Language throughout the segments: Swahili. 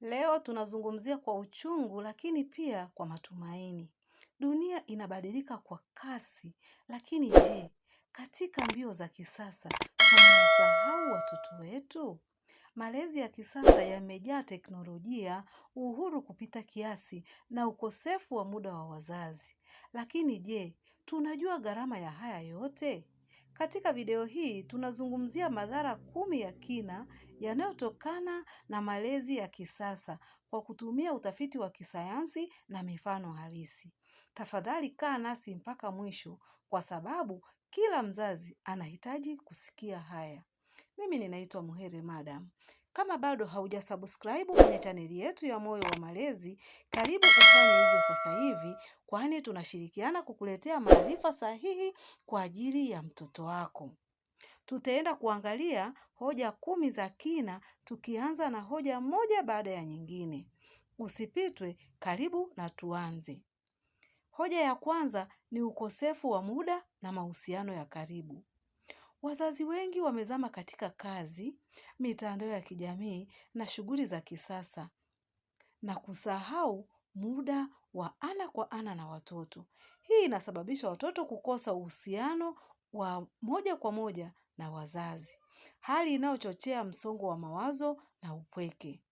Leo tunazungumzia kwa uchungu lakini pia kwa matumaini. Dunia inabadilika kwa kasi, lakini je, katika mbio za kisasa tunasahau watoto wetu? Malezi ya kisasa yamejaa teknolojia, uhuru kupita kiasi na ukosefu wa muda wa wazazi. Lakini je, tunajua gharama ya haya yote? Katika video hii tunazungumzia madhara kumi ya kina yanayotokana na malezi ya kisasa kwa kutumia utafiti wa kisayansi na mifano halisi. Tafadhali kaa nasi mpaka mwisho kwa sababu kila mzazi anahitaji kusikia haya. Mimi ninaitwa Muhere Madam. Kama bado haujasubscribe kwenye chaneli yetu ya Moyo wa Malezi, karibu kufanya hivyo sasa hivi, kwani tunashirikiana kukuletea maarifa sahihi kwa ajili ya mtoto wako. Tutaenda kuangalia hoja kumi za kina, tukianza na hoja moja baada ya nyingine. Usipitwe, karibu na tuanze. Hoja ya kwanza ni ukosefu wa muda na mahusiano ya karibu. Wazazi wengi wamezama katika kazi, mitandao ya kijamii na shughuli za kisasa na kusahau muda wa ana kwa ana na watoto. Hii inasababisha watoto kukosa uhusiano wa moja kwa moja na wazazi. Hali inayochochea msongo wa mawazo na upweke.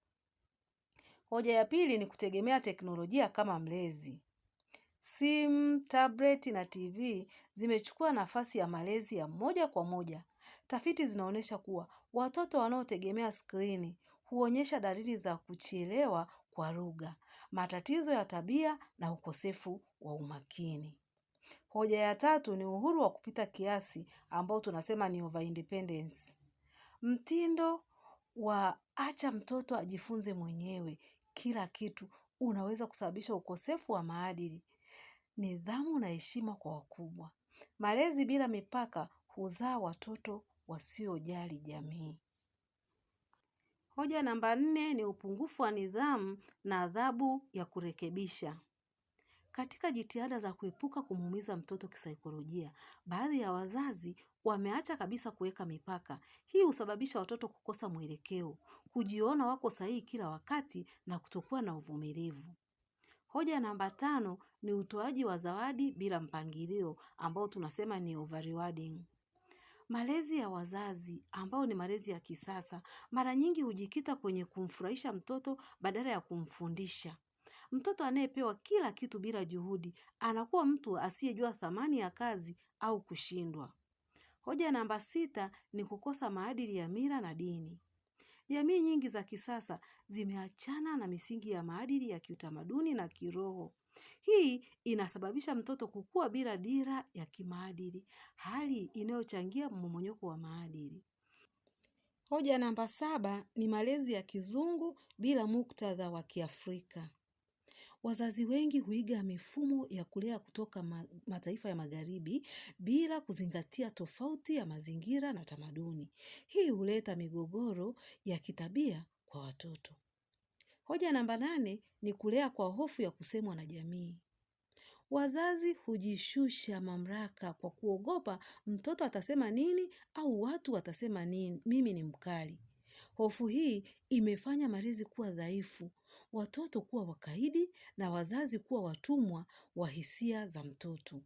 Hoja ya pili ni kutegemea teknolojia kama mlezi simu, tablet na TV zimechukua nafasi ya malezi ya moja kwa moja. Tafiti zinaonyesha kuwa watoto wanaotegemea skrini huonyesha dalili za kuchelewa kwa lugha, matatizo ya tabia na ukosefu wa umakini. Hoja ya tatu ni uhuru wa kupita kiasi ambao tunasema ni over independence. Mtindo wa acha mtoto ajifunze mwenyewe kila kitu unaweza kusababisha ukosefu wa maadili nidhamu na heshima kwa wakubwa. Malezi bila mipaka huzaa watoto wasiojali jamii. Hoja namba nne ni upungufu wa nidhamu na adhabu ya kurekebisha. Katika jitihada za kuepuka kumuumiza mtoto kisaikolojia, baadhi ya wazazi wameacha kabisa kuweka mipaka. Hii husababisha watoto kukosa mwelekeo, kujiona wako sahihi kila wakati na kutokuwa na uvumilivu. Hoja namba tano ni utoaji wa zawadi bila mpangilio ambao tunasema ni overrewarding. Malezi ya wazazi ambao ni malezi ya kisasa mara nyingi hujikita kwenye kumfurahisha mtoto badala ya kumfundisha. Mtoto anayepewa kila kitu bila juhudi anakuwa mtu asiyejua thamani ya kazi au kushindwa. Hoja namba sita ni kukosa maadili ya mila na dini. Jamii nyingi za kisasa zimeachana na misingi ya maadili ya kiutamaduni na kiroho. Hii inasababisha mtoto kukua bila dira ya kimaadili, hali inayochangia mmomonyoko wa maadili. Hoja namba saba ni malezi ya kizungu bila muktadha wa kiafrika. Wazazi wengi huiga mifumo ya kulea kutoka mataifa ya magharibi bila kuzingatia tofauti ya mazingira na tamaduni. Hii huleta migogoro ya kitabia kwa watoto. Hoja namba nane ni kulea kwa hofu ya kusemwa na jamii. Wazazi hujishusha mamlaka kwa kuogopa mtoto atasema nini au watu watasema nini, mimi ni mkali. Hofu hii imefanya malezi kuwa dhaifu watoto kuwa wakaidi na wazazi kuwa watumwa wa hisia za mtoto.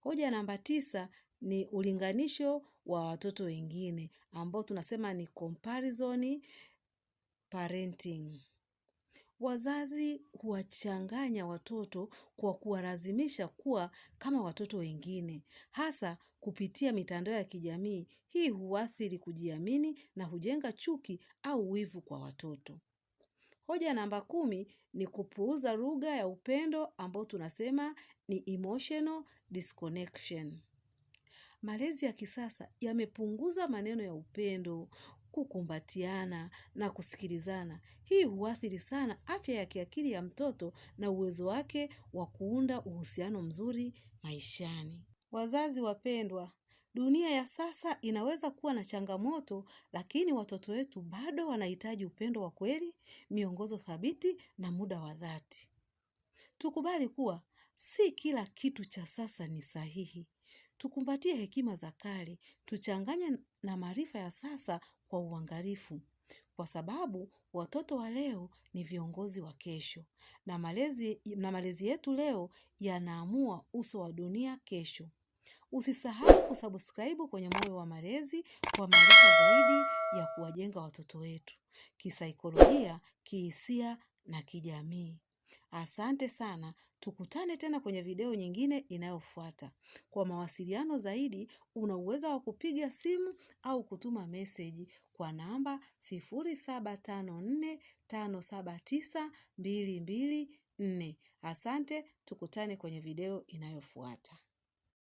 Hoja namba tisa ni ulinganisho wa watoto wengine ambao tunasema ni comparison parenting. Wazazi huwachanganya watoto kwa kuwalazimisha kuwa kama watoto wengine, hasa kupitia mitandao ya kijamii. Hii huathiri kujiamini na hujenga chuki au wivu kwa watoto. Hoja namba kumi ni kupuuza lugha ya upendo ambao tunasema ni emotional disconnection. Malezi ya kisasa yamepunguza maneno ya upendo, kukumbatiana na kusikilizana. Hii huathiri sana afya ya kiakili ya mtoto na uwezo wake wa kuunda uhusiano mzuri maishani. Wazazi wapendwa, Dunia ya sasa inaweza kuwa na changamoto, lakini watoto wetu bado wanahitaji upendo wa kweli, miongozo thabiti na muda wa dhati. Tukubali kuwa, si kila kitu cha sasa ni sahihi. Tukumbatie hekima za kale, tuchanganye na maarifa ya sasa kwa uangalifu. Kwa sababu, watoto wa leo ni viongozi wa kesho. Na malezi yetu leo yanaamua uso wa dunia kesho. Usisahau kusubscribe kwenye Moyo wa Malezi kwa maarifa zaidi ya kuwajenga watoto wetu kisaikolojia, kihisia na kijamii. Asante sana. Tukutane tena kwenye video nyingine inayofuata. Kwa mawasiliano zaidi, una uwezo wa kupiga simu au kutuma meseji kwa namba 0754579224. Asante, tukutane kwenye video inayofuata.